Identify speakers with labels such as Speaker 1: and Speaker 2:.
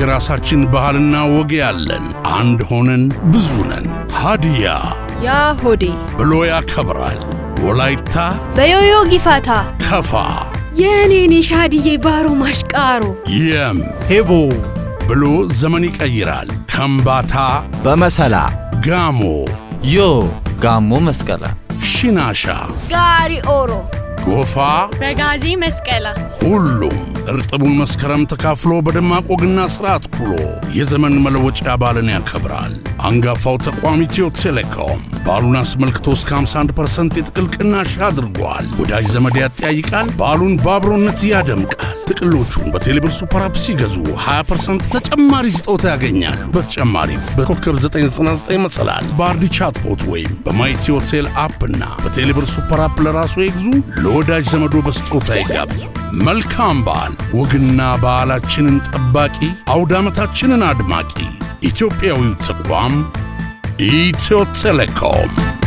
Speaker 1: የራሳችን ባህልና ወግ ያለን አንድ ሆነን ብዙ ነን። ሃዲያ ያ ሆዴ ብሎ ያከብራል። ወላይታ
Speaker 2: በዮዮ ጊፋታ፣ ከፋ የእኔኔ ሻድዬ ባሮ ማሽቃሮ፣
Speaker 1: የም ሄቦ ብሎ ዘመን ይቀይራል። ከምባታ በመሰላ ጋሞ
Speaker 3: ዮ ጋሞ መስቀላ
Speaker 1: ሽናሻ
Speaker 4: ጋሪ ኦሮ
Speaker 1: ጎፋ፣
Speaker 5: በጋዜ መስቀላ
Speaker 1: ሁሉም እርጥቡን መስከረም ተካፍሎ በደማቅ ወግና ስርዓት ኩሎ የዘመን መለወጫ በዓልን ያከብራል። አንጋፋው ተቋም ኢትዮ ቴሌኮም በዓሉን አስመልክቶ እስከ 51 ፐርሰንት የጥቅል ቅናሽ አድርጓል። ወዳጅ ዘመድ ያጠያይቃል፣ በዓሉን በአብሮነት ያደምቃል። ጥቅሎቹን በቴሌብር ሱፐር አፕ ሲገዙ 20 ተጨማሪ ስጦታ ያገኛሉ። በተጨማሪም በኮከብ 999 መሰላል በአርዲ ቻትቦት ወይም በማይቲ ሆቴል አፕ እና በቴሌብር ሱፐር አፕ ለራሱ ይግዙ፣ ለወዳጅ ዘመዶ በስጦታ ይጋብዙ። መልካም በዓል! ወግና በዓላችንን ጠባቂ፣ አውደ ዓመታችንን አድማቂ ኢትዮጵያዊው ተቋም ኢትዮ ቴሌኮም